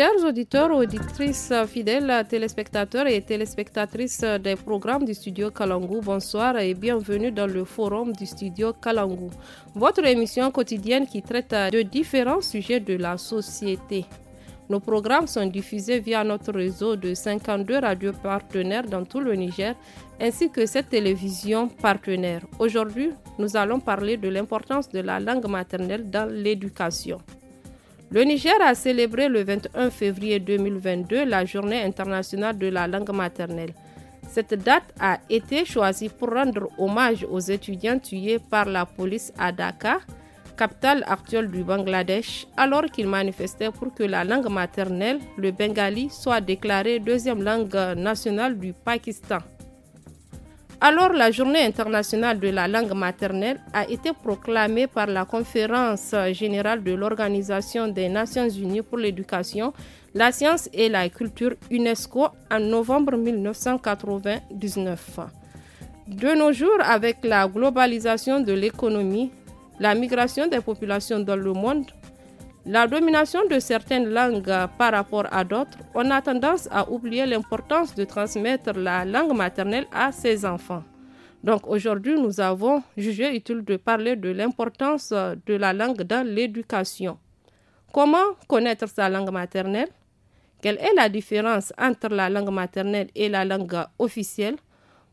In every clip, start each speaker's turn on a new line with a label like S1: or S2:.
S1: Chers auditeurs, auditrices fidèles, téléspectateurs et téléspectatrices des programmes du studio Kalangou, bonsoir et bienvenue dans le forum du studio Kalangou, votre émission quotidienne qui traite de différents sujets de la société. Nos programmes sont diffusés via notre réseau de 52 radios partenaires dans tout le Niger, ainsi que cette télévision partenaire. Aujourd'hui, nous allons parler de l'importance de la langue maternelle dans l'éducation. Le Niger a célébré le 21 février 2022 la journée internationale de la langue maternelle. Cette date a été choisie pour rendre hommage aux étudiants tués par la police à Dakar, capitale actuelle du Bangladesh, alors qu'ils manifestaient pour que la langue maternelle, le bengali, soit déclarée deuxième langue nationale du Pakistan. Alors, la journée internationale de la langue maternelle a été proclamée par la Conférence générale de l'Organisation des Nations Unies pour l'éducation, la science et la culture UNESCO en novembre 1999. De nos jours, avec la globalisation de l'économie, la migration des populations dans le monde, la domination de certaines langues par rapport à d'autres, on a tendance à oublier l'importance de transmettre la langue maternelle à ses enfants. Donc aujourd'hui, nous avons jugé utile de parler de l'importance de la langue dans l'éducation. Comment connaître sa langue maternelle Quelle est la différence entre la langue maternelle et la langue officielle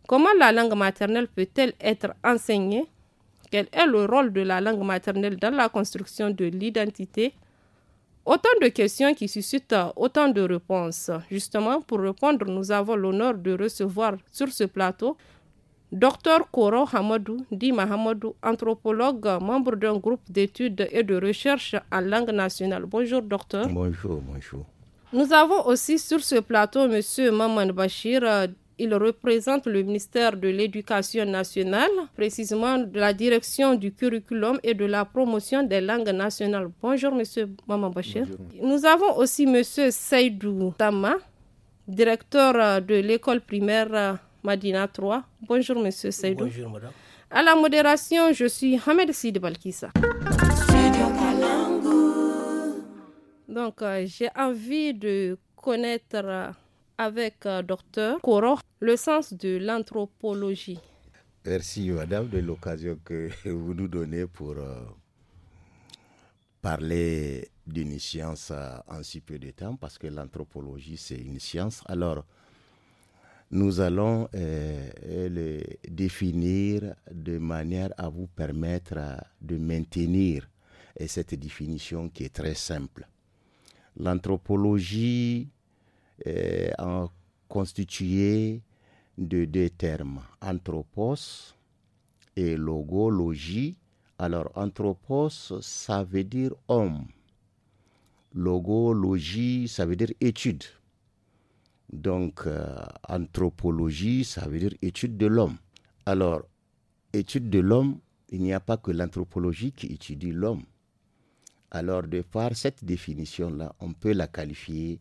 S1: Comment la langue maternelle peut-elle être enseignée quel est le rôle de la langue maternelle dans la construction de l'identité Autant de questions qui suscitent autant de réponses. Justement, pour répondre, nous avons l'honneur de recevoir sur ce plateau Dr Koro Hamadou, dit Mahamadou, anthropologue, membre d'un groupe d'études et de recherche en langue nationale. Bonjour docteur.
S2: Bonjour, bonjour.
S1: Nous avons aussi sur ce plateau M. Maman Bachir, il représente le ministère de l'Éducation nationale, précisément de la direction du curriculum et de la promotion des langues nationales. Bonjour, Monsieur Maman Bachir. Nous avons aussi Monsieur Seydou Tama, directeur de l'école primaire Madina 3. Bonjour, Monsieur Seydou. Bonjour, Madame. À la modération, je suis Hamed Sid Donc, euh, j'ai envie de connaître euh, avec euh, Docteur Koro le sens de l'anthropologie.
S2: Merci Madame de l'occasion que vous nous donnez pour euh, parler d'une science euh, en si peu de temps parce que l'anthropologie c'est une science. Alors nous allons définir de manière à vous permettre de maintenir cette définition qui est très simple. L'anthropologie euh, en constitué de deux termes, anthropos et logologie. Alors, anthropos, ça veut dire homme. Logologie, ça veut dire étude. Donc, euh, anthropologie, ça veut dire étude de l'homme. Alors, étude de l'homme, il n'y a pas que l'anthropologie qui étudie l'homme. Alors, de par cette définition-là, on peut la qualifier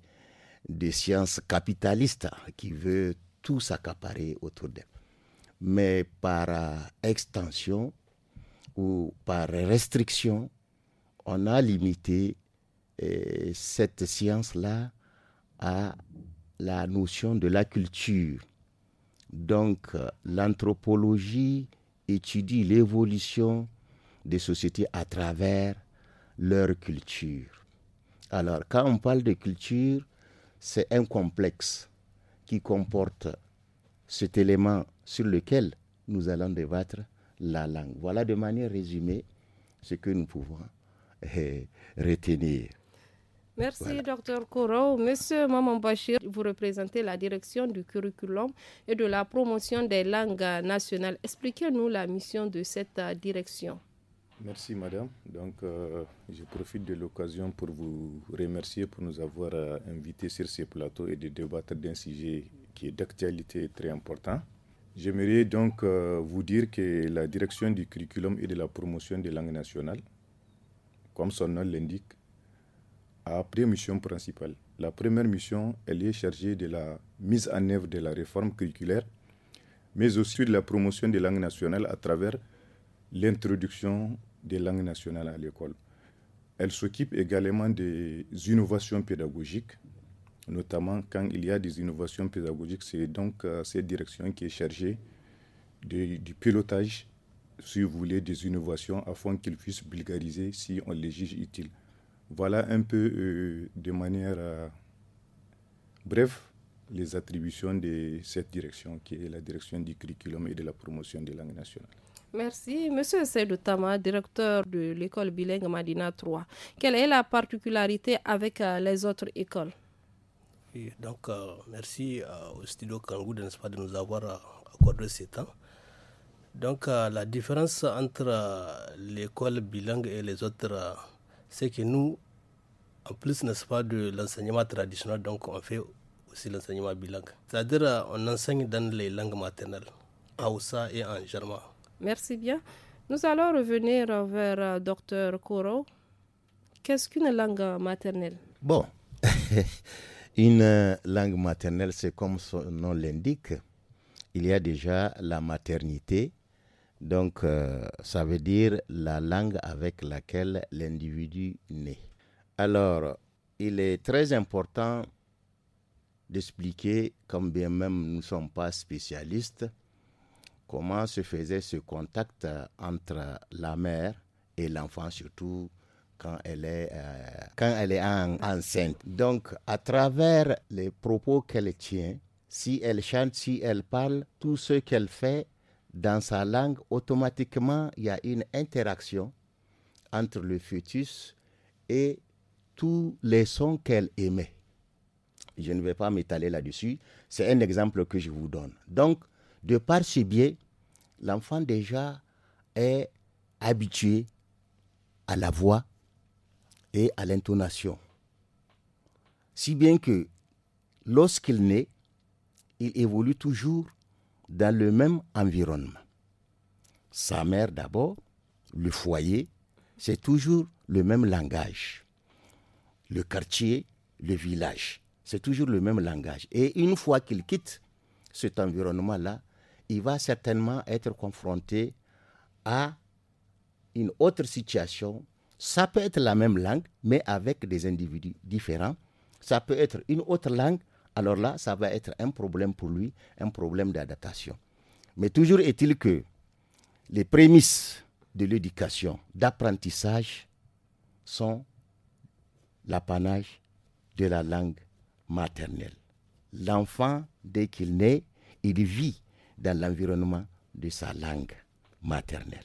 S2: des sciences capitalistes qui veut tout s'accaparer autour d'elle. Mais par euh, extension ou par restriction, on a limité euh, cette science-là à la notion de la culture. Donc euh, l'anthropologie étudie l'évolution des sociétés à travers leur culture. Alors quand on parle de culture, c'est un complexe qui comporte cet élément sur lequel nous allons débattre, la langue. Voilà de manière résumée ce que nous pouvons euh, retenir.
S1: Merci, docteur Koro. Monsieur Maman Bachir, vous représentez la direction du curriculum et de la promotion des langues nationales. Expliquez-nous la mission de cette euh, direction.
S3: Merci madame. Donc euh, je profite de l'occasion pour vous remercier pour nous avoir euh, invités sur ce plateau et de débattre d'un sujet qui est d'actualité très important. J'aimerais donc euh, vous dire que la direction du curriculum et de la promotion des langues nationales, comme son nom l'indique, a deux missions principales. La première mission, elle est chargée de la mise en œuvre de la réforme curriculaire, mais aussi de la promotion des langues nationales à travers l'introduction des langues nationales à l'école. Elle s'occupe également des innovations pédagogiques, notamment quand il y a des innovations pédagogiques, c'est donc euh, cette direction qui est chargée du pilotage, si vous voulez, des innovations afin qu'ils puissent vulgariser si on les juge utiles. Voilà un peu euh, de manière euh, brève bref les attributions de cette direction qui est la direction du curriculum et de la promotion des langues nationales.
S1: Merci. Monsieur Seydou Tama, directeur de l'école bilingue Madina 3, quelle est la particularité avec euh, les autres écoles
S4: Donc, euh, merci euh, au studio Kangou de, nous avoir accordé ce temps. Donc, la différence entre l'école bilingue et les autres, c'est que nous, en plus, n'est-ce pas, de l'enseignement traditionnel, donc on fait aussi l'enseignement bilingue. C'est-à-dire, on enseigne dans les langues maternelles, en Oussa et en Germain.
S1: Merci bien. Nous allons revenir vers euh, docteur Koro. Qu'est-ce qu'une langue maternelle
S2: Bon, une euh, langue maternelle, c'est comme son nom l'indique. Il y a déjà la maternité, donc euh, ça veut dire la langue avec laquelle l'individu naît. Alors, il est très important d'expliquer, comme bien même nous ne sommes pas spécialistes, comment se faisait ce contact euh, entre la mère et l'enfant, surtout quand elle est, euh, quand elle est enceinte. Donc, à travers les propos qu'elle tient, si elle chante, si elle parle, tout ce qu'elle fait dans sa langue, automatiquement, il y a une interaction entre le fœtus et tous les sons qu'elle émet. Je ne vais pas m'étaler là-dessus. C'est un exemple que je vous donne. Donc, de par ce biais, l'enfant déjà est habitué à la voix et à l'intonation. Si bien que lorsqu'il naît, il évolue toujours dans le même environnement. Sa mère d'abord, le foyer, c'est toujours le même langage. Le quartier, le village, c'est toujours le même langage. Et une fois qu'il quitte cet environnement-là, il va certainement être confronté à une autre situation. Ça peut être la même langue, mais avec des individus différents. Ça peut être une autre langue. Alors là, ça va être un problème pour lui, un problème d'adaptation. Mais toujours est-il que les prémices de l'éducation, d'apprentissage, sont l'apanage de la langue maternelle. L'enfant, dès qu'il naît, il vit dans l'environnement de sa langue maternelle.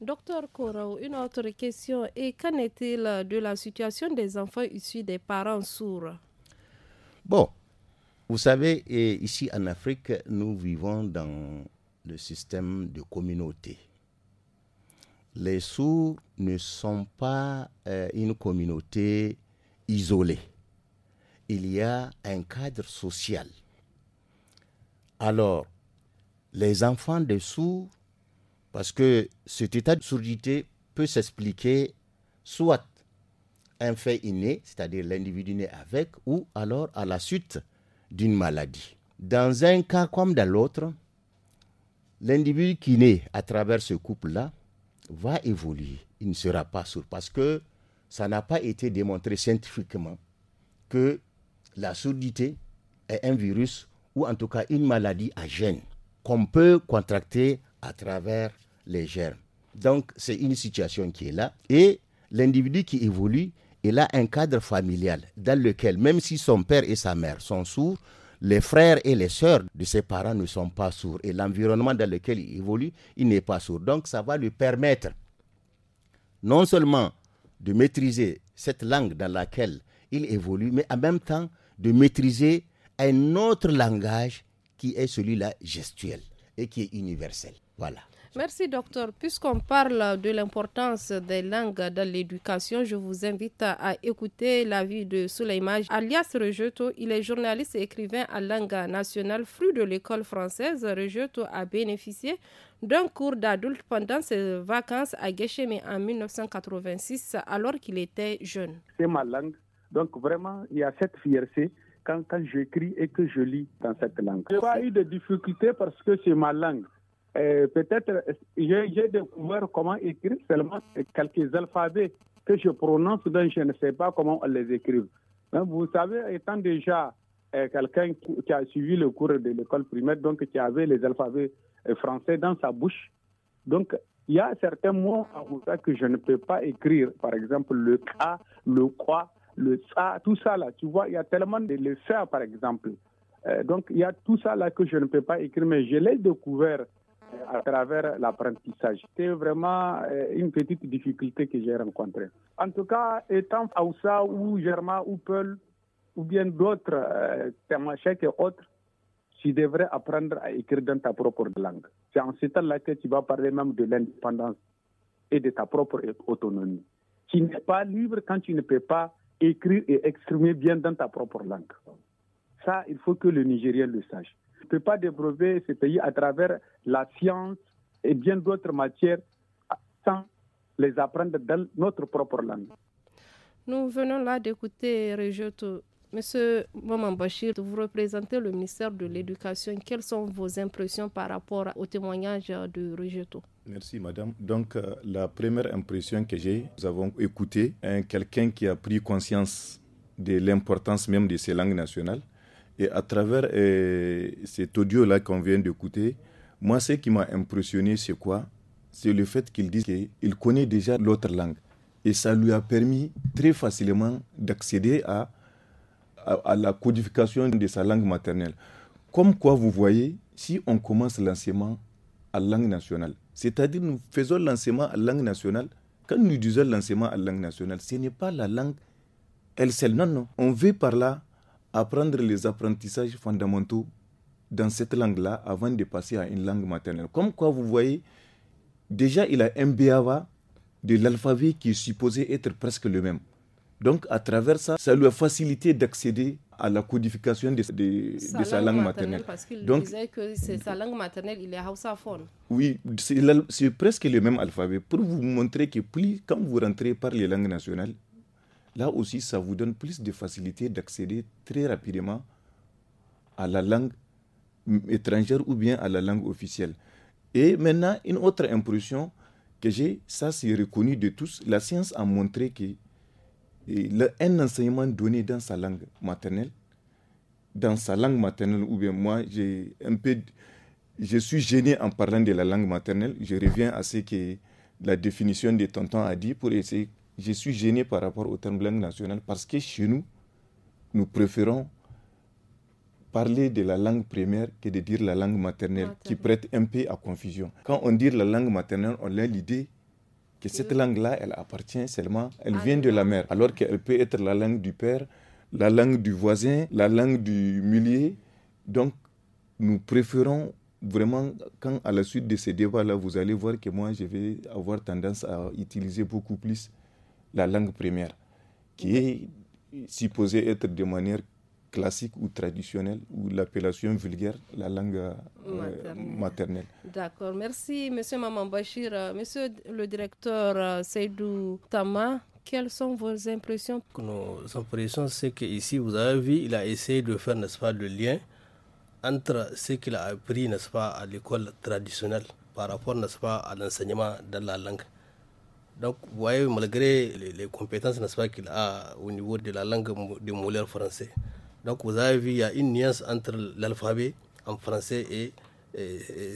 S1: Docteur Kouraou, une autre question. Et qu'en est-il de la situation des enfants issus des parents sourds
S2: Bon, vous savez, ici en Afrique, nous vivons dans le système de communauté. Les sourds ne sont pas euh, une communauté isolée. Il y a un cadre social alors, les enfants des sourds, parce que cet état de sourdité peut s'expliquer soit un fait inné, c'est-à-dire l'individu né avec, ou alors à la suite d'une maladie. Dans un cas comme dans l'autre, l'individu qui naît à travers ce couple-là va évoluer. Il ne sera pas sourd parce que ça n'a pas été démontré scientifiquement que la sourdité est un virus ou en tout cas une maladie à gènes qu'on peut contracter à travers les germes. Donc c'est une situation qui est là et l'individu qui évolue, il a un cadre familial dans lequel même si son père et sa mère sont sourds, les frères et les sœurs de ses parents ne sont pas sourds et l'environnement dans lequel il évolue, il n'est pas sourd. Donc ça va lui permettre non seulement de maîtriser cette langue dans laquelle il évolue, mais en même temps de maîtriser un autre langage qui est celui-là gestuel et qui est universel. Voilà.
S1: Merci docteur. Puisqu'on parle de l'importance des langues dans l'éducation, je vous invite à écouter l'avis de Souleymane alias Rejeto. Il est journaliste et écrivain à langue nationale, fruit de l'école française. Rejeto a bénéficié d'un cours d'adulte pendant ses vacances à mais en 1986, alors qu'il était jeune.
S5: C'est ma langue. Donc vraiment, il y a cette fierté quand, j'écris et que je lis dans cette langue. Je n'ai pas eu de difficultés parce que c'est ma langue. Peut-être j'ai découvert comment écrire seulement quelques alphabets que je prononce, donc je ne sais pas comment on les écrit. vous savez, étant déjà euh, quelqu'un qui a suivi le cours de l'école primaire, donc qui avait les alphabets euh, français dans sa bouche, donc il y a certains mots en que je ne peux pas écrire. Par exemple, le K, le quoi, tout ça là, tu vois, il y a tellement de le faire, par exemple. Euh, donc, il y a tout ça là que je ne peux pas écrire, mais je l'ai découvert euh, à travers l'apprentissage. C'était vraiment euh, une petite difficulté que j'ai rencontrée. En tout cas, étant Aoussa ou Germain ou Peul ou bien d'autres, Tamachek et autres, tu devrais apprendre à écrire dans ta propre langue. C'est en ce temps-là que tu vas parler même de l'indépendance et de ta propre autonomie. Tu n'es pas libre quand tu ne peux pas écrire et exprimer bien dans ta propre langue. Ça, il faut que le Nigérien le sache. Tu ne peux pas développer ce pays à travers la science et bien d'autres matières sans les apprendre dans notre propre langue.
S1: Nous venons là d'écouter Rejoto Monsieur Maman Bachir, vous représentez le ministère de l'Éducation. Quelles sont vos impressions par rapport au témoignage de Rejeto
S3: Merci, madame. Donc, euh, la première impression que j'ai, nous avons écouté quelqu'un qui a pris conscience de l'importance même de ces langues nationales. Et à travers euh, cet audio-là qu'on vient d'écouter, moi, ce qui m'a impressionné, c'est quoi C'est le fait qu'il dise qu'il connaît déjà l'autre langue. Et ça lui a permis très facilement d'accéder à à, la codification de sa langue maternelle. Comme quoi, vous voyez, si on commence l'enseignement à langue nationale, c'est-à-dire nous faisons l'enseignement à langue nationale, quand nous disons l'enseignement à langue nationale, ce n'est pas la langue elle seule, non, non. On veut par là apprendre les apprentissages fondamentaux dans cette langue-là avant de passer à une langue maternelle. Comme quoi, vous voyez, déjà, il a un de l'alphabet qui est supposé être presque le même. Donc, à travers ça, ça lui a facilité d'accéder à la codification de, sa, langue, maternelle. Donc, Parce qu'il disait
S1: que c'est sa langue maternelle, il est
S3: Oui, c'est presque le même alphabet. Pour vous montrer que plus, quand vous rentrez par les langues nationales, là aussi, ça vous donne plus de facilité d'accéder très rapidement à la langue étrangère ou bien à la langue officielle. Et maintenant, une autre impression que j'ai, ça c'est reconnu de tous, la science a montré que un enseignement donné dans sa langue maternelle, dans sa langue maternelle, ou bien moi, j'ai un peu, je suis gêné en parlant de la langue maternelle. Je reviens à ce que la définition de Tonton a dit pour essayer. Je suis gêné par rapport au terme langue nationale parce que chez nous, nous préférons parler de la langue première que de dire la langue maternelle, maternelle. qui prête un peu à confusion. Quand on dit la langue maternelle, on a l'idée que cette langue-là, elle appartient seulement, elle vient de la mère, alors qu'elle peut être la langue du père, la langue du voisin, la langue du millier. Donc, nous préférons vraiment, quand à la suite de ces débats-là, vous allez voir que moi, je vais avoir tendance à utiliser beaucoup plus la langue première, qui est supposée être de manière classique ou traditionnel, ou l'appellation vulgaire, la langue euh, maternelle.
S1: D'accord. Merci, Monsieur Maman Bachir. Euh, Monsieur le directeur euh, Seydou Tama, quelles sont vos impressions
S4: Nos impressions, c'est qu'ici, vous avez vu, il a essayé de faire, n'est-ce pas, le lien entre ce qu'il a appris, n'est-ce pas, à l'école traditionnelle par rapport, n'est-ce pas, à l'enseignement de la langue. Donc, vous voyez, malgré les, compétences, n'est-ce pas, qu'il a au niveau de la langue de molaire français, donc vous avez vu, il y a une nuance entre l'alphabet en français et,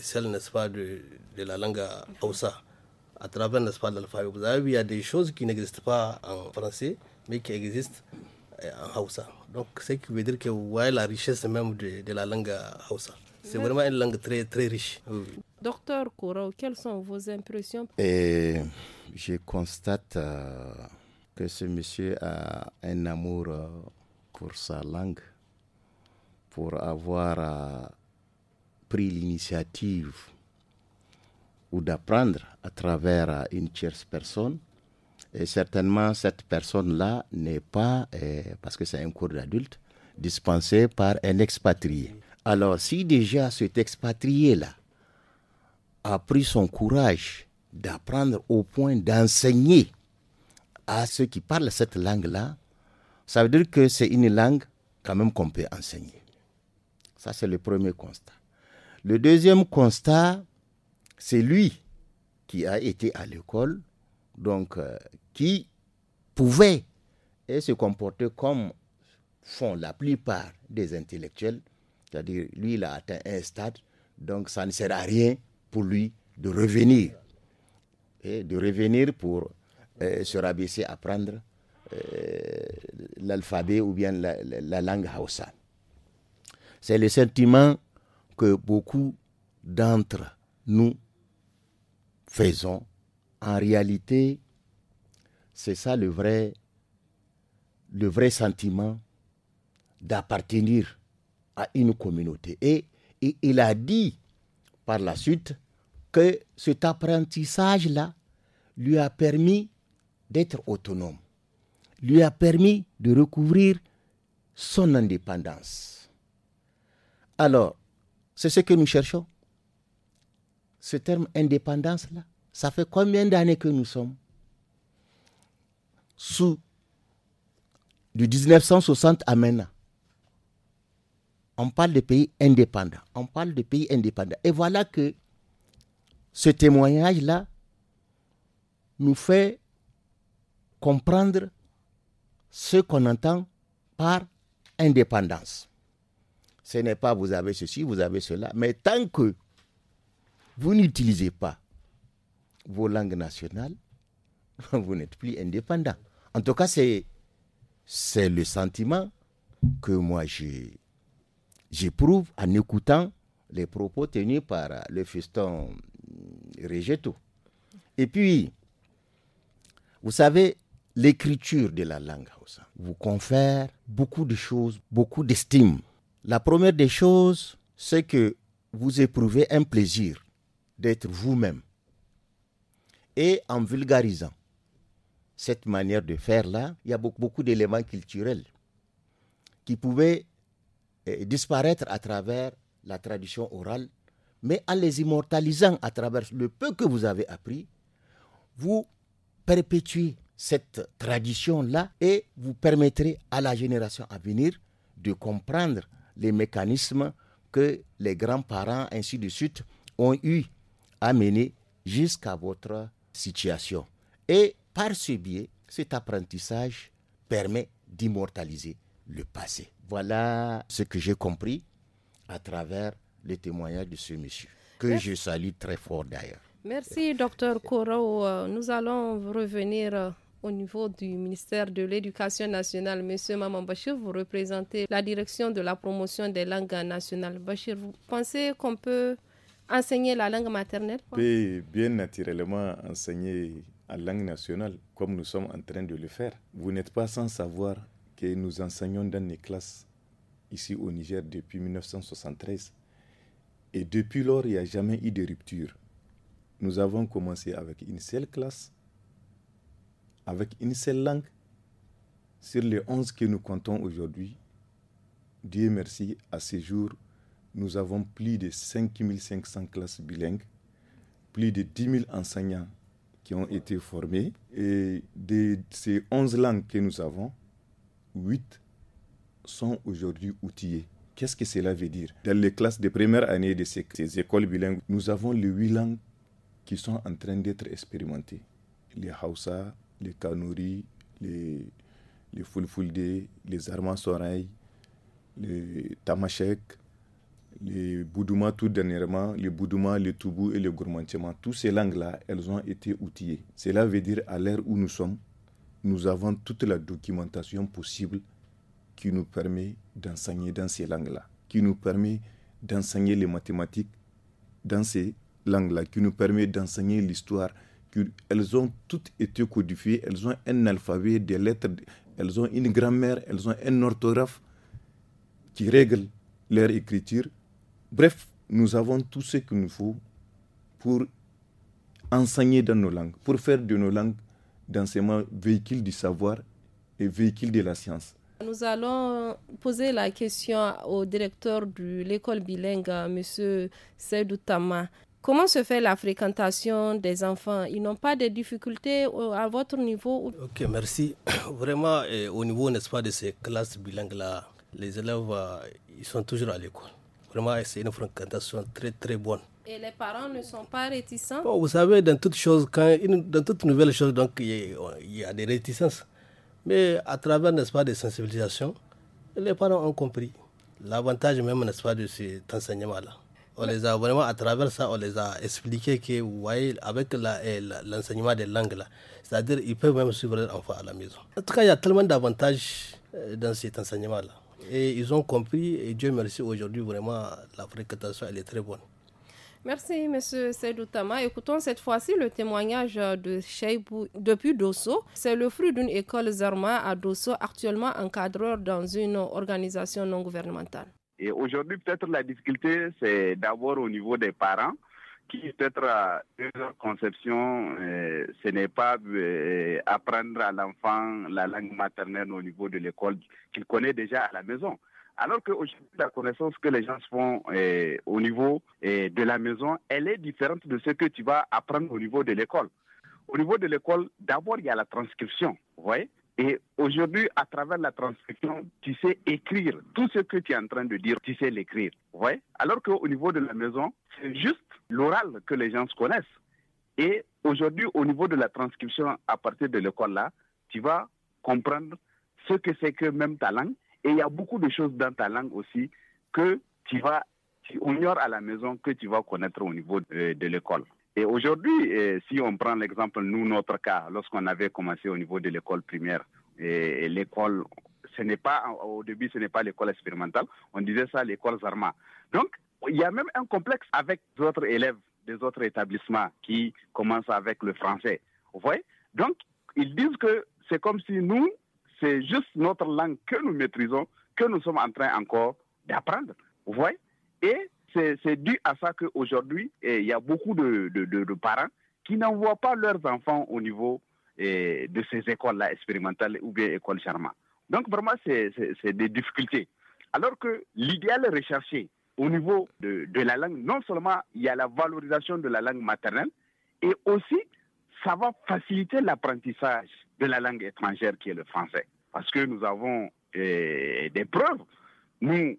S4: celle, n'est-ce pas, de, de, la langue Hausa. À travers, n'est-ce pas, l'alphabet. Vous avez vu, il y a des choses qui n'existent pas en français, mais qui existent euh, en Hausa. Donc, ce qui veut dire que vous voyez la richesse même de, de la langue Hausa. C'est vraiment une langue très, très riche.
S1: Docteur Kourou, quelles sont vos impressions
S2: Et Je constate euh, que ce monsieur a un amour. Euh, pour sa langue, pour avoir euh, pris l'initiative ou d'apprendre à travers euh, une tierce personne. Et certainement, cette personne-là n'est pas, euh, parce que c'est un cours d'adulte, dispensé par un expatrié. Alors, si déjà cet expatrié-là a pris son courage d'apprendre au point d'enseigner à ceux qui parlent cette langue-là, ça veut dire que c'est une langue quand même qu'on peut enseigner. Ça, c'est le premier constat. Le deuxième constat, c'est lui qui a été à l'école, donc euh, qui pouvait et se comporter comme font la plupart des intellectuels. C'est-à-dire, lui, il a atteint un stade, donc ça ne sert à rien pour lui de revenir. Et de revenir pour euh, se rabaisser, apprendre euh, l'alphabet ou bien la, langue Hausa. C'est le sentiment que beaucoup d'entre nous faisons. En réalité, c'est ça le vrai, le vrai sentiment d'appartenir à une communauté. et, il a dit par la suite que cet apprentissage-là lui a permis d'être autonome lui a permis de recouvrir son indépendance. Alors, c'est ce que nous cherchons. Ce terme indépendance-là, ça fait combien d'années que nous sommes sous du 1960 à maintenant on parle de pays indépendants. On parle de pays indépendants. Et voilà que ce témoignage-là nous fait comprendre ce qu'on entend par indépendance. Ce n'est pas vous avez ceci, vous avez cela, mais tant que vous n'utilisez pas vos langues nationales, vous n'êtes plus indépendant. En tout cas, c'est, le sentiment que moi j'ai, j'éprouve en écoutant les propos tenus par le feston Regeto. Et puis, vous savez, l'écriture de la langue vous confère beaucoup de choses, beaucoup d'estime. La première des choses, c'est que vous éprouvez un plaisir d'être vous-même. Et en vulgarisant cette manière de faire-là, il y a beaucoup, d'éléments culturels qui pouvaient euh, disparaître à travers la tradition orale, mais en les immortalisant à travers le peu que vous avez appris, vous perpétuez cette tradition-là et vous permettrez à la génération à venir de comprendre les mécanismes que les grands-parents, ainsi de suite, ont eu à mener jusqu'à votre situation. Et par ce biais, cet apprentissage permet d'immortaliser le passé. Voilà ce que j'ai compris à travers le témoignage de ce monsieur, que je salue très fort d'ailleurs.
S1: Merci, docteur Corot. Euh, nous allons revenir euh, au niveau du ministère de l'Éducation nationale. Monsieur Maman Bachir, vous représentez la direction de la promotion des langues nationales. Bachir, vous pensez qu'on peut enseigner la langue maternelle peut
S3: bien naturellement enseigner la langue nationale, comme nous sommes en train de le faire. Vous n'êtes pas sans savoir que nous enseignons dans les classes ici au Niger depuis 1973. Et depuis lors, il n'y a jamais eu de rupture. Nous avons commencé avec une seule classe avec une seule langue, sur les 11 que nous comptons aujourd'hui, Dieu merci, à ce jour, nous avons plus de 5500 classes bilingues, plus de 10 000 enseignants qui ont été formés. Et de ces 11 langues que nous avons, 8 sont aujourd'hui outillées. Qu'est-ce que cela veut dire Dans les classes de première année de ces, écoles bilingues, nous avons les 8 langues qui sont en train d'être expérimentées. Les Hausa, les Kanuri, les, les Fulfulde, les Armand les Tamashek, les Boudouma tout dernièrement, les Boudouma, les Toubou et les Gourmandchema. Tous ces langues-là, elles ont été outillées. Cela veut dire à l'ère où nous sommes, nous avons toute la documentation possible qui nous permet d'enseigner dans ces langues-là, qui nous permet d'enseigner les mathématiques dans ces langues-là, qui nous permet d'enseigner l'histoire, elles ont toutes été codifiées, elles ont un alphabet, des lettres, elles ont une grammaire, elles ont un orthographe qui règle leur écriture. Bref, nous avons tout ce qu'il nous faut pour enseigner dans nos langues, pour faire de nos langues d'enseignement véhicule du savoir et véhicule de la science.
S1: Nous allons poser la question au directeur de l'école bilingue, M. Seydou Tama. Comment se fait la fréquentation des enfants Ils n'ont pas de difficultés euh, à votre niveau
S4: Ok, merci. Vraiment, eh, au niveau, n'est-ce pas, de ces classes bilingues-là, les élèves, eh, ils sont toujours à l'école. Vraiment, eh, c'est une fréquentation très, très bonne.
S1: Et les parents ne sont pas réticents Vous savez,
S4: dans toute chose, quand toute nouvelle chose, donc, il y, y, a des réticences. Mais à travers, n'est-ce pas, des sensibilisations, les parents ont compris l'avantage même, n'est-ce pas, de cet enseignement-là. On les a vraiment, à travers ça, on les a expliqué que, vous voyez, avec eh, l'enseignement des langues, là, c'est-à-dire ils peuvent même suivre leur enfant à la maison. En tout cas, il y a tellement d'avantages euh, dans cet enseignement-là. Et ils ont compris, et Dieu merci, aujourd'hui, vraiment, la fréquentation, elle est très bonne.
S1: Merci, M. Tama. Écoutons cette fois-ci le témoignage de Cheibou depuis Dosso. C'est le fruit d'une école Zarma à Dosso, actuellement encadreur dans une organisation non gouvernementale.
S6: Et aujourd'hui, peut-être la difficulté, c'est d'abord au niveau des parents qui peut-être leur conception, euh, ce n'est pas euh, apprendre à l'enfant la langue maternelle au niveau de l'école qu'il connaît déjà à la maison. Alors qu'aujourd'hui, la connaissance que les gens font euh, au niveau de la maison, elle est différente de ce que tu vas apprendre au niveau de l'école. Au niveau de l'école, d'abord, il y a la transcription, vous voyez et aujourd'hui, à travers la transcription, tu sais écrire. Tout ce que tu es en train de dire, tu sais l'écrire. Ouais. Alors qu'au niveau de la maison, c'est juste l'oral que les gens se connaissent. Et aujourd'hui, au niveau de la transcription, à partir de l'école-là, tu vas comprendre ce que c'est que même ta langue. Et il y a beaucoup de choses dans ta langue aussi que tu vas, tu ignores à la maison, que tu vas connaître au niveau de l'école. Et aujourd'hui, eh, si on prend l'exemple, nous, notre cas, lorsqu'on avait commencé au niveau de l'école primaire, eh, et, l'école, ce n'est pas, au début, ce n'est pas l'école expérimentale, on disait ça l'école Zarma. Donc, il y a même un complexe avec d'autres élèves des autres établissements qui commencent avec le français. Vous voyez Donc, ils disent que c'est comme si nous, c'est juste notre langue que nous maîtrisons, que nous sommes en train encore d'apprendre. Vous voyez Et c'est dû à ça qu'aujourd'hui, eh, il y a beaucoup de, parents qui n'envoient pas leurs enfants au niveau eh, de ces écoles-là expérimentales ou des écoles charmantes. Donc vraiment, c'est des difficultés. Alors que l'idéal recherché au niveau de, la langue, non seulement il y a la valorisation de la langue maternelle, et aussi ça va faciliter l'apprentissage de la langue étrangère qui est le français. Parce que nous avons eh, des preuves, nous,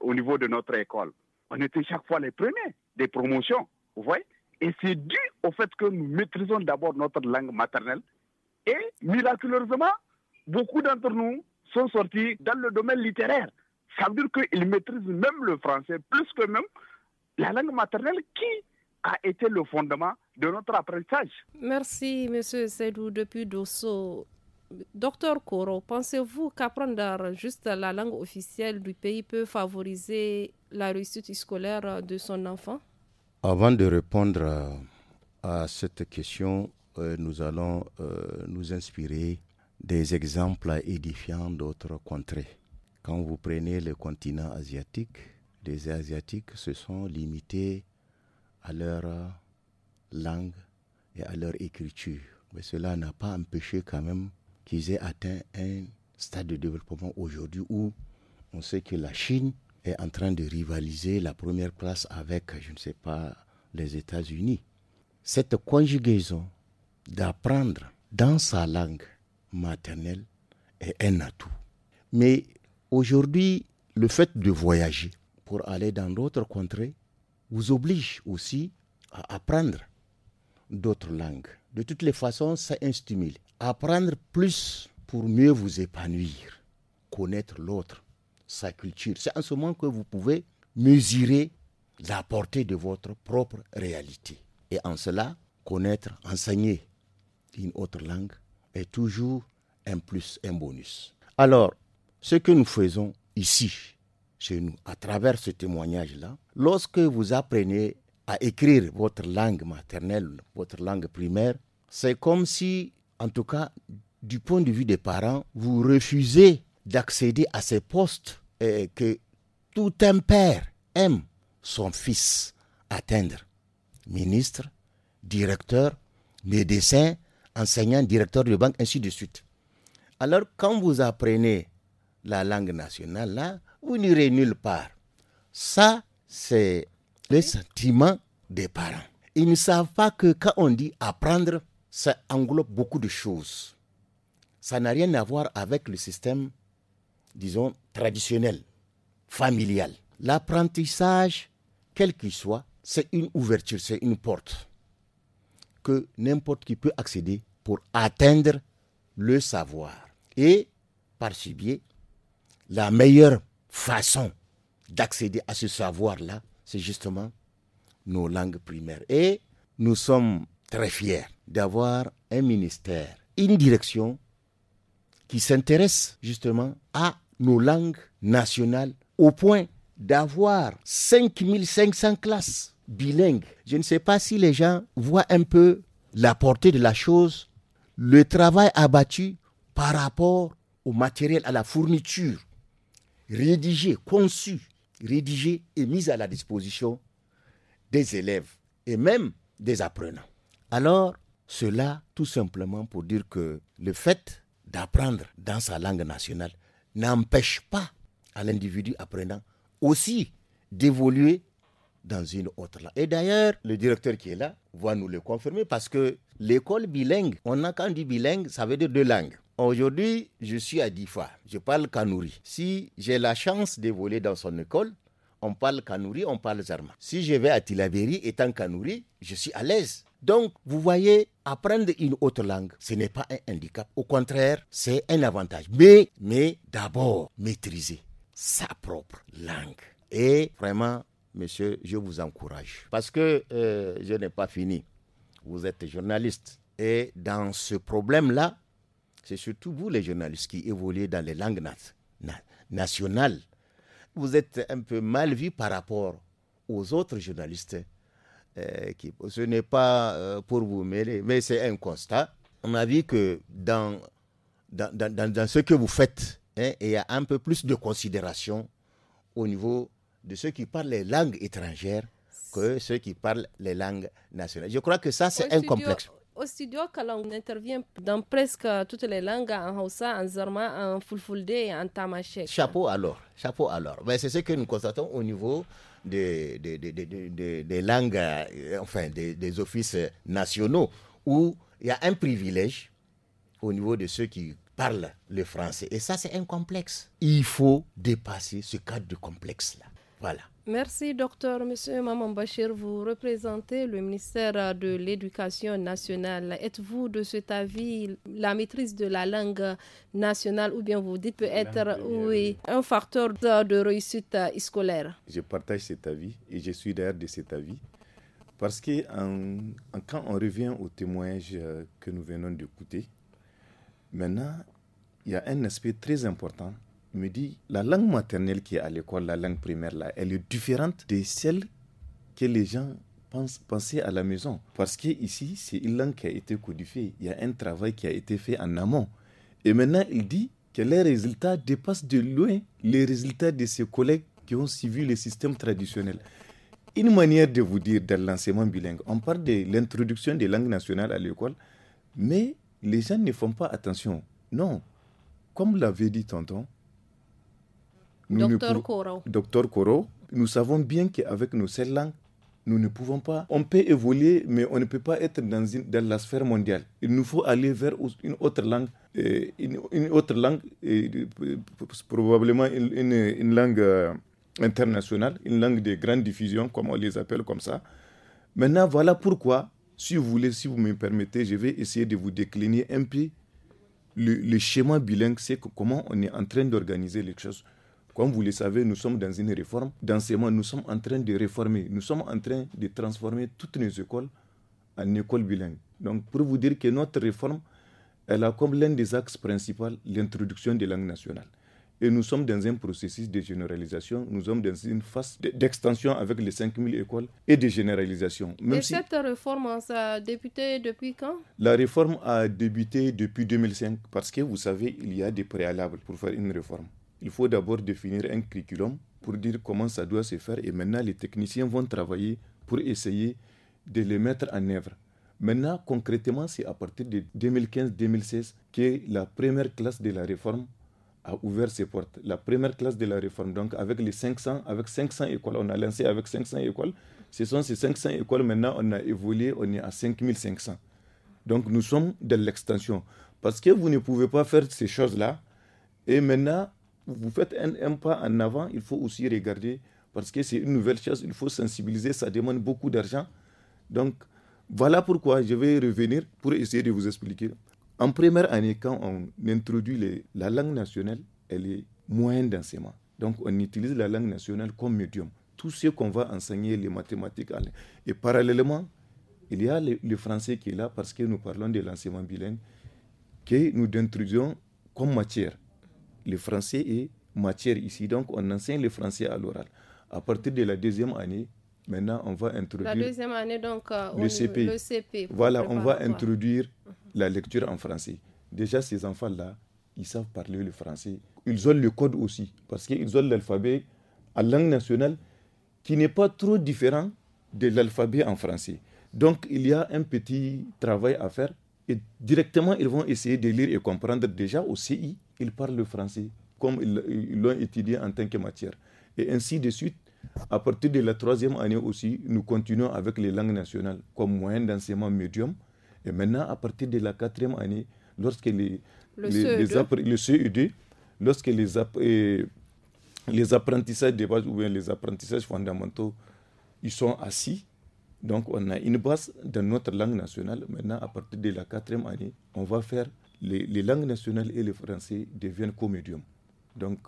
S6: au niveau de notre école, on était chaque fois les premiers des promotions. Vous voyez Et c'est dû au fait que nous maîtrisons d'abord notre langue maternelle. Et miraculeusement, beaucoup d'entre nous sont sortis dans le domaine littéraire. Ça veut dire qu'ils maîtrisent même le français, plus que même la langue maternelle qui a été le fondement de notre
S1: apprentissage. Merci, Monsieur Sedou, depuis Dosso. Docteur Koro, pensez-vous qu'apprendre juste la langue officielle du pays peut favoriser la réussite scolaire de son enfant
S2: Avant de répondre à, cette question, euh, nous allons euh, nous inspirer des exemples édifiants d'autres contrées. Quand vous prenez le continent asiatique, les Asiatiques se sont limités à leur langue et à leur écriture. Mais cela n'a pas empêché quand même qu'ils aient atteint un stade de développement aujourd'hui où on sait que la Chine est en train de rivaliser la première place avec, je ne sais pas, les États-Unis. Cette conjugaison d'apprendre dans sa langue maternelle est un atout. Mais aujourd'hui, le fait de voyager pour aller dans d'autres contrées vous oblige aussi à apprendre d'autres langues de toutes les façons, ça un Apprendre plus pour mieux vous épanouir, connaître l'autre, sa culture. C'est en ce moment que vous pouvez mesurer la portée de votre propre réalité. Et en cela, connaître, enseigner une autre langue est toujours un plus, un bonus. Alors, ce que nous faisons ici, chez nous, à travers ce témoignage-là, lorsque vous apprenez à écrire votre langue maternelle, votre langue primaire, c'est comme si, en tout cas, du point de vue des parents, vous refusez d'accéder à ces postes et que tout un père aime son fils atteindre. Ministre, directeur, médecin, enseignant, directeur de banque, ainsi de suite. Alors, quand vous apprenez la langue nationale, là, vous n'irez nulle part. Ça, c'est les sentiments des parents. Ils ne savent pas que quand on dit apprendre, ça englobe beaucoup de choses. Ça n'a rien à voir avec le système, disons, traditionnel, familial. L'apprentissage, quel qu'il soit, c'est une ouverture, c'est une porte que n'importe qui peut accéder pour atteindre le savoir. Et par ce biais, la meilleure façon d'accéder à ce savoir-là, c'est justement nos langues primaires. Et nous sommes très fiers d'avoir un ministère, une direction qui s'intéresse justement à nos langues nationales au point d'avoir 5500 classes bilingues. Je ne sais pas si les gens voient un peu la portée de la chose, le travail abattu par rapport au matériel, à la fourniture rédigé, conçu rédigée et mise à la disposition des élèves et même des apprenants. Alors, cela tout simplement pour dire que le fait d'apprendre dans sa langue nationale n'empêche pas à l'individu apprenant aussi d'évoluer dans une autre. langue. Et d'ailleurs, le directeur qui est là va nous le confirmer parce que l'école bilingue, on a quand dit bilingue, ça veut dire deux langues. Aujourd'hui, je suis à Difa, je parle Kanouri. Si j'ai la chance de voler dans son école, on parle Kanouri, on parle Zarma. Si je vais à Tilaberi, étant Kanouri, je suis à l'aise. Donc, vous voyez, apprendre une autre langue, ce n'est pas un handicap. Au contraire, c'est un avantage. Mais, mais d'abord, maîtriser sa propre langue. Et vraiment, monsieur, je vous encourage. Parce que euh, je n'ai pas fini. Vous êtes journaliste. Et dans ce problème-là, c'est surtout vous les journalistes qui évoluez dans les langues nationales. Vous êtes un peu mal vu par rapport aux autres journalistes. Euh, qui, ce n'est pas euh, pour vous mêler, mais c'est un constat. On a vu que dans, dans, dans, dans ce que vous faites, hein, il y a un peu plus de considération au niveau de ceux qui parlent les langues étrangères que ceux qui parlent les langues nationales. Je crois que ça, c'est un complexe.
S1: Au studio, on intervient dans presque toutes les langues, en Hausa, en Zarma, en Fulfulde en Tamashek.
S2: Chapeau alors, chapeau alors. Mais c'est ce que nous constatons au niveau des, des langues, euh, enfin des, offices nationaux, où il y a un privilège au niveau de ceux qui parlent le français. Et ça, c'est un complexe. Il faut dépasser ce cadre de complexe-là.
S1: Merci, docteur. Monsieur Maman Bachir, vous représentez le ministère de l'Éducation nationale. Êtes-vous de cet avis La maîtrise de la langue nationale, ou bien vous dites peut être oui, un facteur de réussite scolaire
S2: Je
S3: partage cet avis et je suis d'ailleurs de cet avis. Parce que quand on revient au témoignage euh, que nous venons d'écouter, maintenant, il y a un aspect très important me dit, la langue maternelle qui est à l'école, la langue primaire, là, elle est différente de celle que les gens pensent penser à la maison. Parce que ici, c'est une langue qui a été codifiée. Il y a un travail qui a été fait en amont. Et maintenant, il dit que les résultats dépassent de loin les résultats de ses collègues qui ont suivi le système traditionnel. Une manière de vous dire dans l'enseignement bilingue, on parle de l'introduction des langues nationales à l'école, mais les gens ne font pas attention. Non, comme l'avait dit Tonton, Docteur Koro. Docteur Koro, nous savons bien qu'avec nos seules langues, nous ne pouvons pas. On peut évoluer, mais on ne peut pas être dans, une, dans la sphère mondiale. Il nous faut aller vers une autre langue, euh, une, autre langue, euh, probablement une, langue euh, internationale, une langue de grande diffusion, comme on les appelle comme ça. Maintenant, voilà pourquoi, si vous voulez, si vous me permettez, je vais essayer de vous décliner un peu le, le schéma bilingue, c'est comment on est en train d'organiser les choses comme vous le savez, nous sommes dans une réforme. Dans ces mois, nous sommes en train de réformer. Nous sommes en train de transformer toutes nos écoles en écoles bilingues. Donc, pour vous dire que notre réforme, elle a comme l'un des axes principaux l'introduction des langues nationales. Et nous sommes dans un processus de généralisation, nous sommes dans une phase d'extension avec les 5000 écoles et de généralisation. Même et cette
S1: réforme, hein, ça a débuté depuis quand
S3: La réforme a débuté depuis 2005 parce que vous savez, il y a des préalables pour faire une réforme il faut d'abord définir un curriculum pour dire comment ça doit se faire et maintenant les techniciens vont travailler pour essayer de les mettre en œuvre. Maintenant, concrètement, c'est à partir de 2015-2016 que la première classe de la réforme a ouvert ses portes. La première classe de la réforme, donc avec les 500, avec 500 écoles, on a lancé avec 500 écoles. Ce sont ces 500 écoles, maintenant on a évolué, on est à 5500. Donc nous sommes dans l'extension. Parce que vous ne pouvez pas faire ces choses-là. Et maintenant, vous faites un, pas en avant, il faut aussi regarder, parce que c'est une nouvelle chose, il faut sensibiliser, ça demande beaucoup d'argent. Donc, voilà pourquoi je vais revenir pour essayer de vous expliquer. En première année, quand on introduit la langue nationale, elle est moyenne d'enseignement. Donc, on utilise la langue nationale comme médium. Tout ce qu'on va enseigner, les mathématiques. Et parallèlement, il y a le, le français qui est là parce que nous parlons de l'enseignement bilingue que nous introduisons comme matière le français est matière ici, donc on enseigne le français à l'oral. À partir de la deuxième année, maintenant on va introduire... La
S1: deuxième année, donc, euh, le, CP. CP. Voilà, on va introduire
S3: mhm. la lecture en français. Déjà, ces enfants-là, ils savent parler le français. Ils ont le code aussi, parce qu'ils ont l'alphabet en langue nationale qui n'est pas trop différent de l'alphabet en français. Donc, il y a un petit travail à faire et directement, ils vont essayer de lire et comprendre déjà au CI ils parlent le français comme ils l'ont étudié en tant que matière. Et ainsi de suite, à partir de la troisième année aussi, nous continuons avec les langues nationales comme moyen d'enseignement médium. Et maintenant, à partir de la quatrième année, lorsque les, le les, e les e lorsque les, les apprentissages de base ou bien les apprentissages fondamentaux, ils sont assis. Donc, on a une base dans notre langue nationale. Maintenant, à partir de la quatrième année, on va faire les, langues nationales et le français deviennent co-médiums. Donc,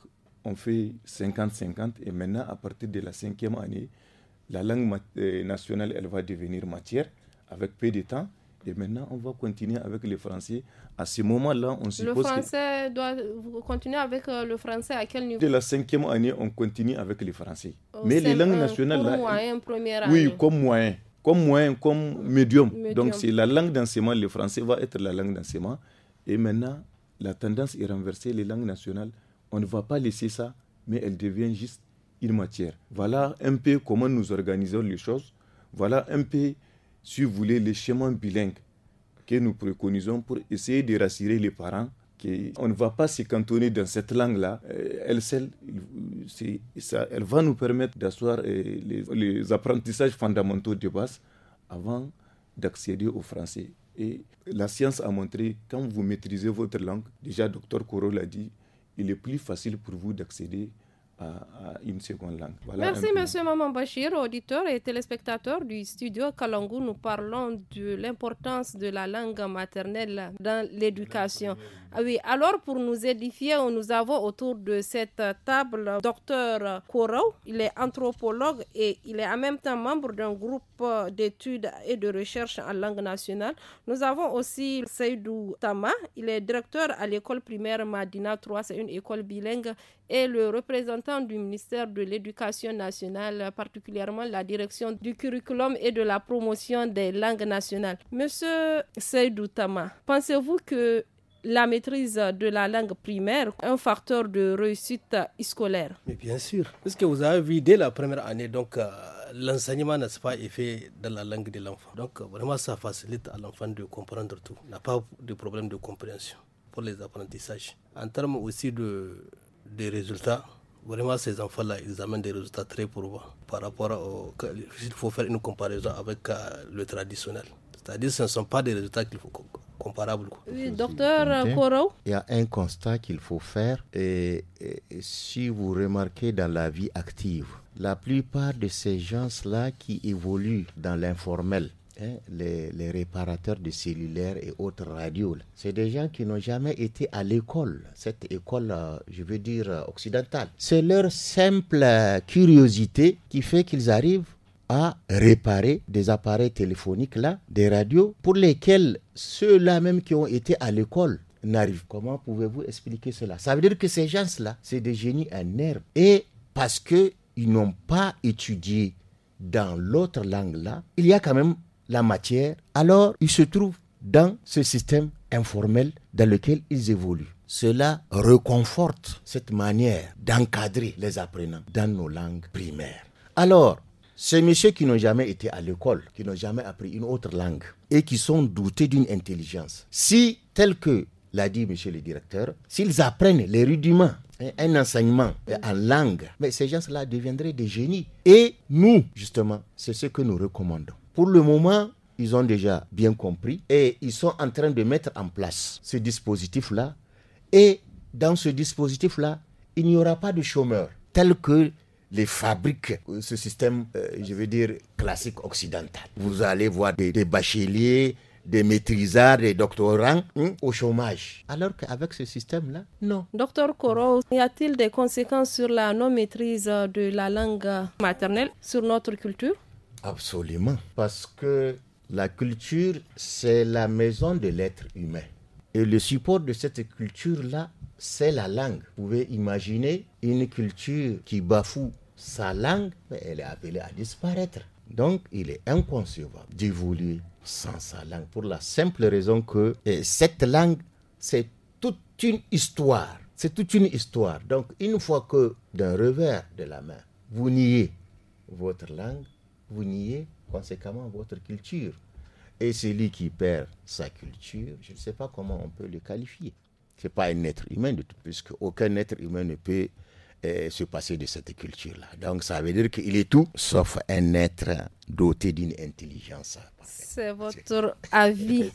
S3: on fait 50-50 et maintenant, à partir de la cinquième année, la langue euh, nationale, elle va devenir matière avec peu de temps. Et maintenant, on va continuer avec le français. À ce moment-là, on suppose. Le
S1: français doit continuer avec euh, le français à quel niveau De la
S3: cinquième année, on continue avec les français. Oh, Mais les langues nationales. Comme là, moyen, Oui, comme moyen. Comme moyen, comme médium. médium. Donc, c'est la langue d'enseignement. Le français va être la langue d'enseignement. Et maintenant, la tendance est renversée, les langues nationales, on ne va pas laisser ça, mais elle devient juste une matière. Voilà un peu comment nous organisons les choses. Voilà un peu, si vous voulez, les chemin bilingues que nous préconisons pour essayer de rassurer les parents qu'on ne va pas se cantonner dans cette langue-là. Euh, elle, seule, ça, elle va nous permettre d'asseoir euh, les apprentissages fondamentaux de base avant d'accéder au français. Et la science a montré, quand vous maîtrisez votre langue, déjà docteur Corot a dit, il est plus facile pour vous d'accéder à, une seconde langue. Merci,
S1: Monsieur Maman Bachir, auditeurs et téléspectateurs du studio Kalangou. Nous parlons de l'importance de la langue maternelle dans l'éducation. Ah oui, alors pour nous édifier, nous avons autour de cette table Docteur Kouraou. Il est anthropologue et il est en même temps membre d'un groupe d'études et de recherche en langue nationale. Nous avons aussi Seydou Tama. Il est directeur à l'école primaire Madina 3. C'est une école bilingue et le représentant du ministère de l'Éducation nationale, particulièrement la direction du curriculum et de la promotion des langues nationales. Monsieur Seydou Tama, pensez-vous que la maîtrise de la langue primaire est un facteur de réussite scolaire
S4: Mais bien sûr, parce que vous avez vu dès la première année, donc euh, l'enseignement n'est pas fait dans la langue de l'enfant. Donc euh, vraiment, ça facilite à l'enfant de comprendre tout. Il n'a pas de problème de compréhension pour les apprentissages. En termes aussi de, de résultats, Vraiment, ces enfants-là, ils amènent des résultats très probants par rapport au. Il faut faire une comparaison avec euh, le traditionnel. C'est-à-dire ce ne sont pas des résultats qu'il faut comparables.
S1: Oui, docteur Koro.
S2: Il y a un constat qu'il faut faire. et, si vous remarquez dans la vie active, la plupart de ces gens-là qui évoluent dans l'informel, Hein, les, réparateurs de cellulaires et autres radios. C'est des gens qui n'ont jamais été à l'école, cette école, euh, je veux dire, euh, occidentale. C'est leur simple euh, curiosité qui fait qu'ils arrivent à réparer des appareils téléphoniques là, des radios, pour lesquels ceux-là même qui ont été à l'école n'arrivent. Comment pouvez-vous expliquer cela Ça veut dire que ces gens-là, c'est des génies en herbe. Et parce qu'ils n'ont pas étudié dans l'autre langue là, il y a quand même la matière, alors ils se trouvent dans ce système informel dans lequel ils évoluent. Cela reconforte cette manière d'encadrer les apprenants dans nos langues primaires. Alors, ces messieurs qui n'ont jamais été à l'école, qui n'ont jamais appris une autre langue et qui sont dotés d'une intelligence, si, tel que l'a dit monsieur le directeur, s'ils apprennent les rudiments, hein, un enseignement en langue, mais ces gens-là deviendraient des génies. Et nous, justement, c'est ce que nous recommandons pour le moment, ils ont déjà bien compris et ils sont en train de mettre en place ce dispositif-là. Et dans ce dispositif-là, il n'y aura pas de chômeurs tels que les fabriques, euh, ce système, euh, je veux dire, classique occidental. Vous allez voir des, bacheliers, des maîtrisards, des doctorants hein, au chômage. Alors qu'avec ce système-là,
S1: non. Docteur Koro, y a-t-il des conséquences sur la non-maîtrise de la langue maternelle, sur notre culture
S2: Absolument. Parce que la culture, c'est la maison de l'être humain. Et le support de cette culture-là, c'est la langue. Vous pouvez imaginer une culture qui bafoue sa langue, mais elle est appelée à disparaître. Donc, il est inconcevable d'évoluer sans sa langue, pour la simple raison que cette langue, c'est toute une histoire. C'est toute une histoire. Donc, une fois que d'un revers de la main, vous niez votre langue, vous niez conséquemment votre culture. Et celui qui perd sa culture, je ne sais pas comment on peut le qualifier. Ce n'est pas un être humain, puisque aucun être humain ne peut euh, se passer de cette culture-là. Donc ça veut dire qu'il est tout sauf un être doté d'une intelligence.
S1: C'est votre avis.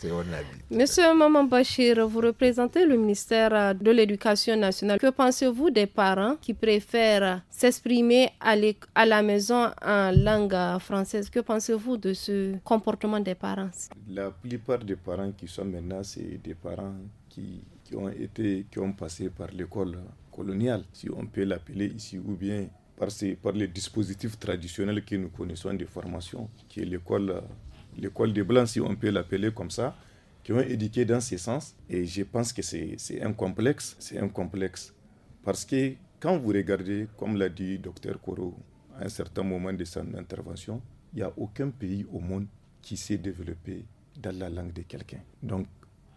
S1: Monsieur Maman Bachir, vous représentez le ministère de l'Éducation nationale. Que pensez-vous des parents qui préfèrent s'exprimer à, la maison en langue française Que pensez-vous de ce comportement des parents
S3: La plupart des parents qui sont maintenant, c'est des parents qui, qui ont été, qui ont passé par l'école hein colonial, si on peut l'appeler ici, ou bien par, ces, par les dispositifs traditionnels que nous connaissons de formation, qui est l'école, l'école des Blancs, si on peut l'appeler comme ça, qui ont éduqué dans ce sens. Et je pense que c'est, c'est un complexe, c'est un complexe. Parce que quand vous regardez, comme l'a dit docteur Koro à un certain moment de son intervention, il n'y a aucun pays au monde qui s'est développé dans la langue de quelqu'un. Donc,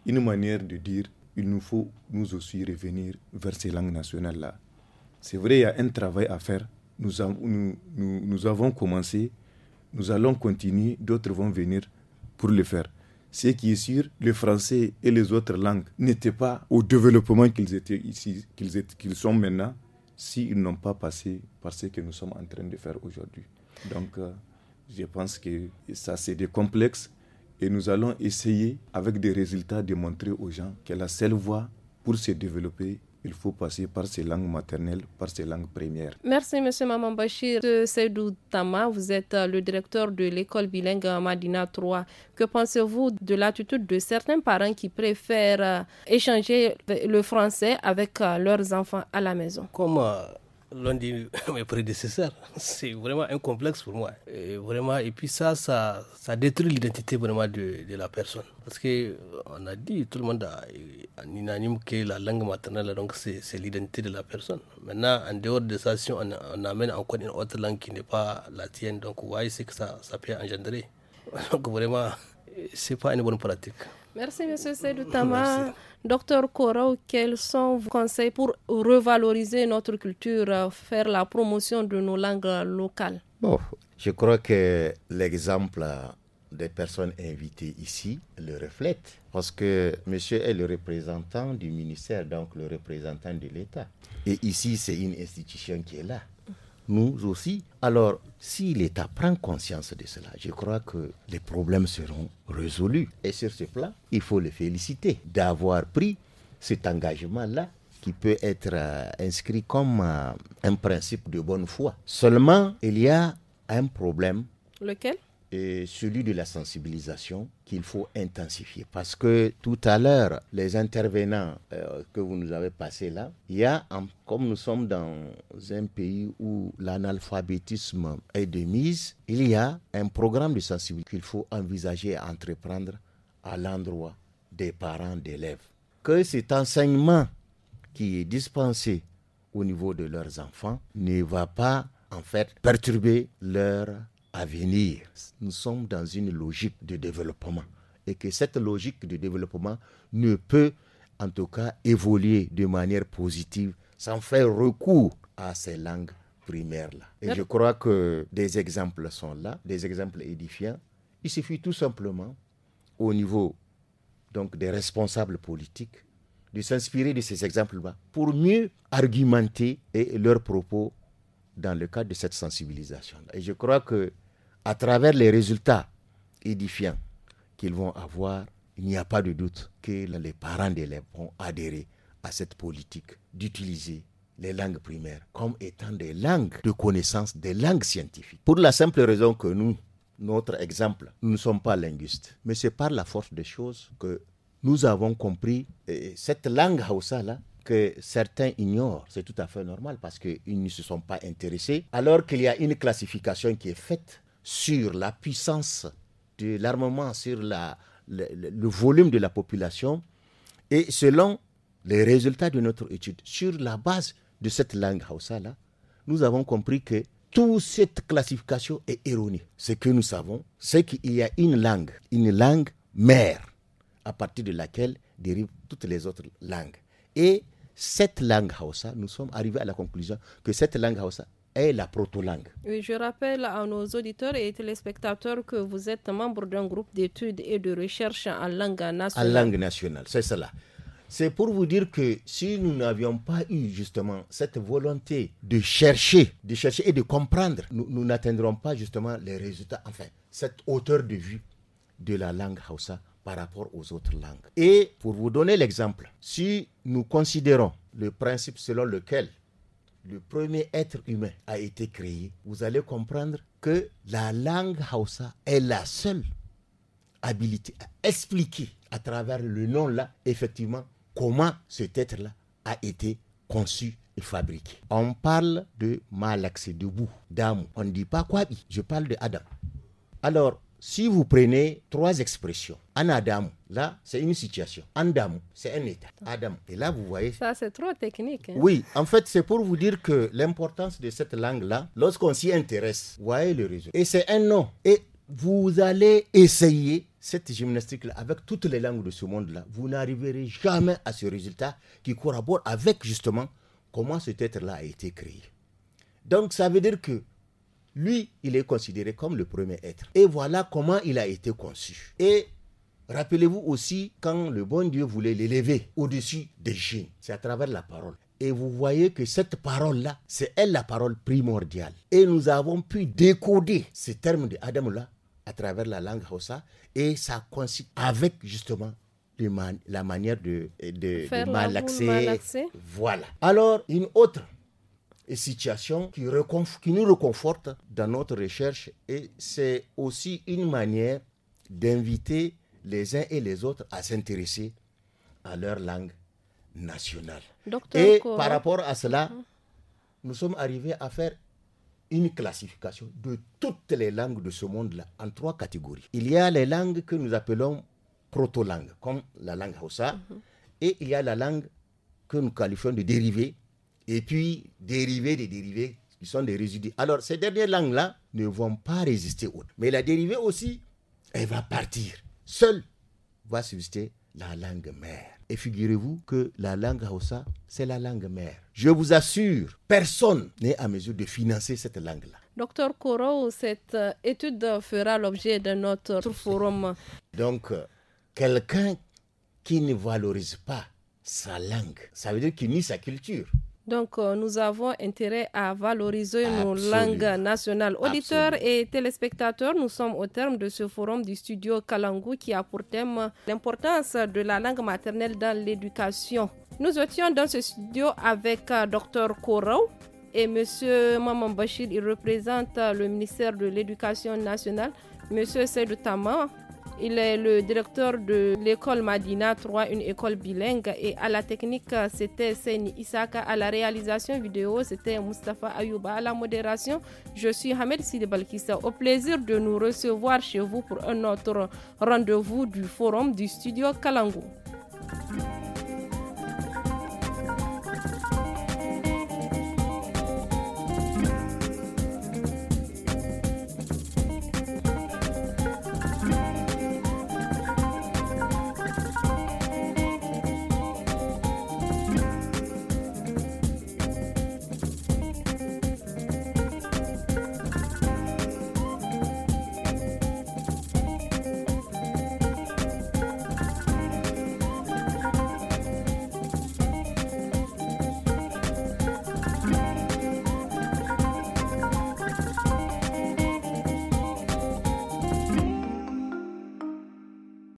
S3: une manière de dire il nous faut nous aussi revenir vers ces langues nationales-là. C'est vrai, il y a un travail à faire. Nous, nous, avons commencé, nous allons continuer, d'autres vont venir pour le faire. Ce qui est sûr, le français et les autres langues n'étaient pas au développement qu'ils étaient ici, qu'ils sont maintenant, s'ils n'ont pas passé par ce que nous sommes en train de faire aujourd'hui. Donc, euh, je pense que ça, c'est des complexes et nous allons essayer, avec des résultats, de montrer aux gens que la seule voie pour se développer il faut passer par ces langues maternelles, par ces langues premières.
S1: Merci, M. Maman Bachir. Euh, Seydou Tama, vous êtes euh, le directeur de l'école bilingue Madina 3. Que pensez-vous de l'attitude de certains parents qui préfèrent euh, échanger le français avec leurs enfants à la maison
S4: l'on dit mes prédécesseurs. C'est vraiment un complexe pour moi. Et vraiment, et puis ça, ça, ça détruit l'identité vraiment de, la personne. Parce que on a dit, tout le monde a, en unanime que la langue maternelle, donc c'est l'identité de la personne. Maintenant, en dehors de ça, si on, amène encore une autre langue qui n'est pas la tienne, donc vous c'est que ça, ça peut engendrer. Donc vraiment, c'est pas une bonne pratique.
S1: Merci, M. Sedutama. Docteur quels sont vos conseils pour revaloriser notre culture, euh, faire la promotion de nos langues locales Bon,
S2: je crois que l'exemple des personnes invitées ici le reflète, parce que monsieur est le représentant du ministère, donc le représentant de l'État. Et ici, c'est une institution qui est là nous aussi. Alors, si l'État prend conscience de cela, je crois que les problèmes seront résolus. Et sur ce plan, il faut le féliciter d'avoir pris cet engagement-là qui peut être euh, inscrit comme euh, un principe de bonne foi. Seulement, il y a un problème. Lequel c'est celui de la sensibilisation qu'il faut intensifier. Parce que tout à l'heure, les intervenants euh, que vous nous avez passés là, il y a, comme nous sommes dans un pays où l'analphabétisme est de mise, il y a un programme de sensibilisation qu'il faut envisager et entreprendre à l'endroit des parents d'élèves. Que cet enseignement qui est dispensé au niveau de leurs enfants ne va pas en fait perturber leur à venir, nous sommes dans une logique de développement et que cette logique de développement ne peut en tout cas évoluer de manière positive sans faire recours à ces langues primaires-là. Et je crois que des exemples sont là, des exemples édifiants. Il suffit tout simplement au niveau donc des responsables politiques de s'inspirer de ces exemples-là pour mieux argumenter et leurs propos dans le cadre de cette sensibilisation. -là. Et je crois que à travers les résultats édifiants qu'ils vont avoir, il n'y a pas de doute que les parents d'élèves vont adhérer à cette politique d'utiliser les langues primaires comme étant des langues de connaissance, des langues scientifiques. Pour la simple raison que nous, notre exemple, nous ne sommes pas linguistes. Mais c'est par la force des choses que nous avons compris cette langue Hausa là que certains ignorent. C'est tout à fait normal parce qu'ils ne se sont pas intéressés. Alors qu'il y a une classification qui est faite sur la puissance de l'armement, sur la, le, volume de la population, et selon les résultats de notre étude, sur la base de cette langue Hausa-là, nous avons compris que toute cette classification est erronée. Ce que nous savons, c'est qu'il y a une langue, une langue mère, à partir de laquelle dérivent toutes les autres langues. Et cette langue Hausa, nous sommes arrivés à la conclusion que cette langue Hausa est la proto-langue.
S1: je rappelle à nos auditeurs et téléspectateurs que vous êtes membre d'un groupe d'études et de recherche en langue nationale. En langue
S2: nationale, c'est cela. C'est pour vous dire que si nous n'avions pas eu justement cette volonté de chercher, de chercher et de comprendre, nous, n'atteindrons pas justement les résultats, enfin, cette hauteur de vue de la langue Hausa par rapport aux autres langues. Et pour vous donner l'exemple, si nous considérons le principe selon lequel le premier être humain a été créé, vous allez comprendre que la langue Hausa est la seule habilité à expliquer à travers le nom-là, effectivement, comment cet être-là a été conçu et fabriqué. On parle de malaxé, de boue, d'amour. On ne dit pas quoi, je parle de Adam. Alors, si vous prenez trois expressions, en Adam, là, c'est une situation. En Adam, c'est un état. Adam. Et là, vous voyez. Ça,
S1: c'est trop technique. Hein. Oui,
S2: en fait, c'est pour vous dire que l'importance de cette langue-là, lorsqu'on s'y intéresse, vous voyez le résultat. Et c'est un nom. Et vous allez essayer cette gymnastique-là avec toutes les langues de ce monde-là. Vous n'arriverez jamais à ce résultat qui corrobore avec justement comment cet être-là a été créé. Donc, ça veut dire que lui, il est considéré comme le premier être. Et voilà comment il a été conçu. Et rappelez-vous aussi quand le bon Dieu voulait l'élever au-dessus des gènes. C'est à travers la parole. Et vous voyez que cette parole-là, c'est elle la parole primordiale. Et nous avons pu décoder ce terme de Adam-là à travers la langue Hausa et ça coïncide avec justement la manière de, de, Voilà. Alors, une autre et situation qui, nous reconforte dans notre recherche et c'est aussi une manière d'inviter les uns et les autres à s'intéresser à leur langue nationale. et par rapport à cela, nous sommes arrivés à faire une classification de toutes les langues de ce monde-là en trois catégories. Il y a les langues que nous appelons proto-langues, comme la langue Hausa, mhm. et il y a la langue que nous qualifions de dérivée, et puis dérivés des dérivés qui sont des résidus. Alors, ces dernières langues-là ne vont pas résister. Aux... Mais la dérivée aussi, elle va partir. Seule va subsister la langue mère. Et figurez-vous que la langue Hausa, c'est la langue mère. Je vous assure, personne n'est à mesure de financer cette langue-là.
S1: Docteur Koro, cette euh, étude fera l'objet de notre forum.
S2: Donc, euh, quelqu'un qui ne valorise pas sa langue, ça veut dire qu'il nie sa culture.
S1: Donc, euh, nous avons intérêt à valoriser nos langues nationales. Auditeurs et téléspectateurs, nous sommes au terme de ce forum du studio Kalangu qui a pour thème l'importance de la langue maternelle dans l'éducation. Nous étions dans ce studio avec un euh, Dr Korao et M. Maman Bachir. Il représente euh, le ministère de l'Éducation nationale. M. Seydou il est le directeur de l'école Madina 3, une école bilingue. Et à la technique, c'était Seni Isaka. À la réalisation vidéo, c'était Mustafa Ayouba. À la modération, je suis Hamed Sidibalkissa. Au plaisir de nous recevoir chez vous pour un autre rendez-vous du forum du studio Kalango.